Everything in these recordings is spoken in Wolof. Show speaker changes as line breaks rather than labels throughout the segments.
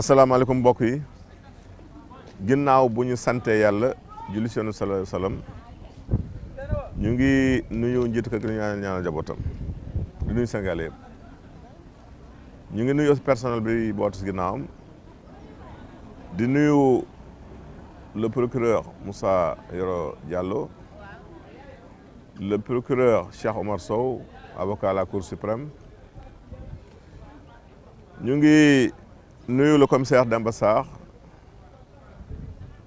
asalaamaaleykum mbokk yi ginnaaw bu ñu sante yàlla julli seenu sala salaam ñu ngi nuyu njiitu kër gi ñaan ñaanal jabootam di nuyu Sénégal ñu ngi nuyu personnel bi bootu si ginnaawam di nuyu le procureur Moussa Yoro Diallo le procureur Cheikh Omar Sow avocat à la Cour suprême ñu ngi nuyu le commissaire Demba Sarr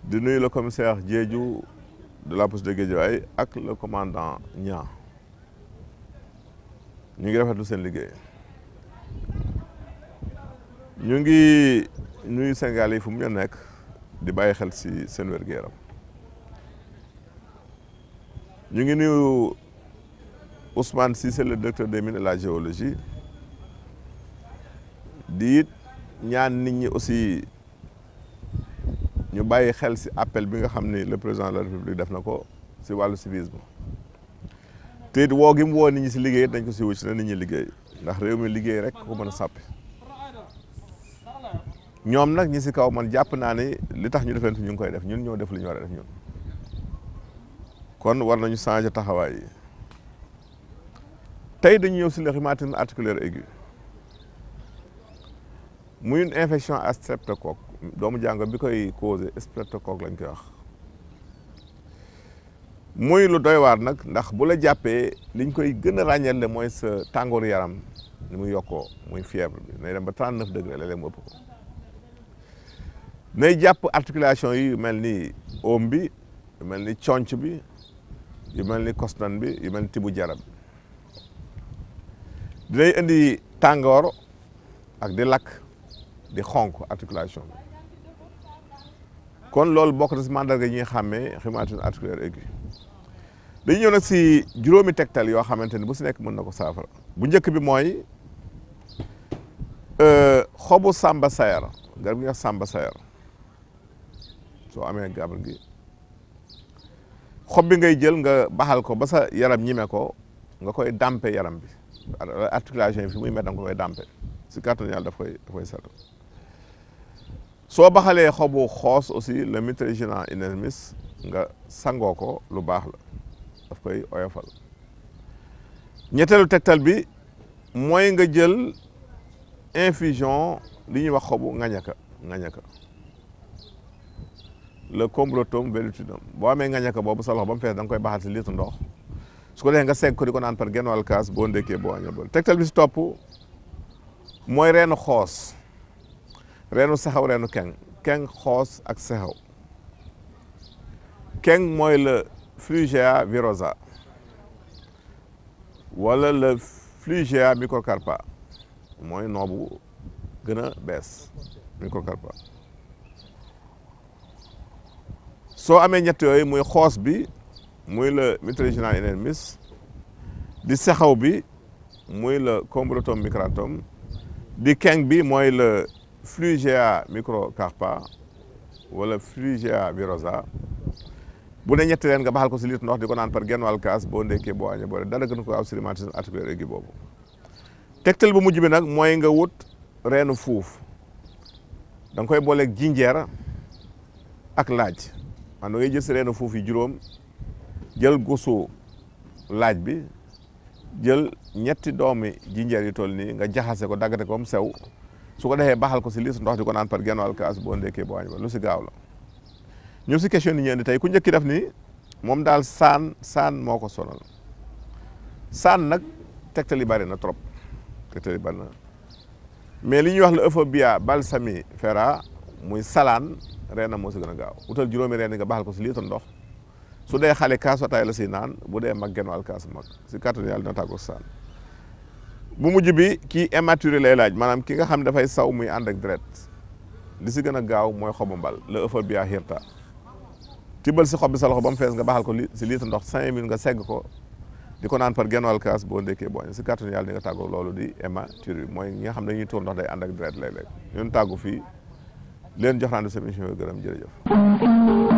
di nuyu la commissaire Diédhiou de la police de Guédiawaye ak le commandant Niang ñu ngi rafetlu seen liggéey ñu ngi nuyu Sénégal yi fu mu ñu nekk di bàyyi xel si seen wér gu ñu ngi nuyu Ousmane Cissé le directeur des mines et de la géologie di it ñaan nit ñi aussi ñu bàyyi xel si appel bi nga xam ni le président de la république def na ko si wàllu civisme te it woo gi woo nit si liggéey dañ ko ci si na nit ñi liggéey ndax réew mi liggéey rek ko mën a sàppi ñoom nag ñi si kaw man jàpp naa ni li tax ñu def leen ñu ngi koy def ñun ñoo def li ñu war a def ñun kon war nañu changer taxawaay yi tey dañu ñëw ci le rhumatisme articulaire aigu muy une infection à streptocoque doomu jàngoro bi koy causé streptocoque lañu koy wax muy lu doy waar nag ndax bu la jàppee liñ koy gën a ràññale mooy sa tàngooru yaram ni mu yokkoo muy fièvre bi nay dem ba 39 degré la mu ëpp ko nay jàpp articulation yi yu mel ni oom bi yu mel ni conc bi yu mel ni kosnan bi yu mel ni tibu jarab dinay indi tàngoor ak di lakk di xonk articulation kon loolu boo ko si mandarga yi ñi xàmmee rhumatisme articulaire aigu dañu ñëw nag si juróomi tegtal yoo xamante ni bu si nekk mën na ko saafara bu njëkk bi mooy euh, xobu samba sayar garab gi nga soo amee garab gi xob bi ngay jël nga baxal ko ba sa yaram ñime ko nga koy dampe yaram bi articulation yi fi muy met nga koy dampe si kàttan yàlla daf koy koy setal soo baxalee xobu xoos aussi le Mitragyna inermis nga sangoo ko lu baax la daf koy oyofal ñetteelu tegtal bi mooy nga jël infusion li ñuy wax xobu ngañaka ngañaka le combretum velutinum boo amee ngañaka boobu sa loxo ba mu fees da nga koy baxal si litre ndox su ko defee nga segg ko di ko naan par genn wàll kaas boo ndékkee boo añoo tegtal bi si topp mooy reenu xoos reenu saxaw reenu keng keng xoos ak saxaw keng mooy la Flugia virosa wala le Flugia microcarpa mooy noobu gën bees microcarpa soo amee ñetti yooyu muy xoos bi muy le mitrigynal inermis di saxaw bi muy le combretum micratum di keng bi mooy le Flugea microcarpa wala Flugea virosa bu ne ñetti leen nga baxal ko si litre ndox di ko naan par genn wàll kaas boo ndekkee boo añee boole dara ko aw sérimatisme articulaire aigu boobu tegtal bu mujj bi nag mooy nga wut reenu fuuf danga nga koy booleeg jinjeer ak laaj man da ngay jël si reenu fuuf yi juróom jël gosu laaj bi jël ñetti doomi jinjeer yu toll nii nga jaxase ko daggate koom sew su ko defee baxal ko si liis ndox di ko naan par genn wàll kaas boo ndekkee boo añ ba lu si gaaw la ñu si question yi ñu indi tey ku njëkki def nii moom daal saan saan moo ko sonal saan nag tegtal yi bari na trop tegtal yi mais li ñuy wax la euphorbia balsami fera muy salaan reenam moo si gën a gaaw utal juróomi reen nga baxal ko si litre ndox su dee xale kaas ataay la si naan bu dee mag genn kaas mag si kàttan yàlla dina tàggoog saan bu mujj bi kii immature lay laaj maanaam ki nga xam ne dafay saw muy ànd ak deret li si gën a gaaw mooy xobu mbal la ëffal bi a xiirta tibbal si xob bi sa loxo ba mu fees nga baxal ko li si litre ndox cinq mille nga segg ko di ko naan par genn wàll kaas boo ndekkee boo si kàttanu yàlla di nga tàggoo loolu di hématurie bi mooy ñi nga xam ne dañuy tuur ndox day ànd ak deret léeg-léeg ñun tàggu fii leen jox rendez-vous seen gërëm jërëjëf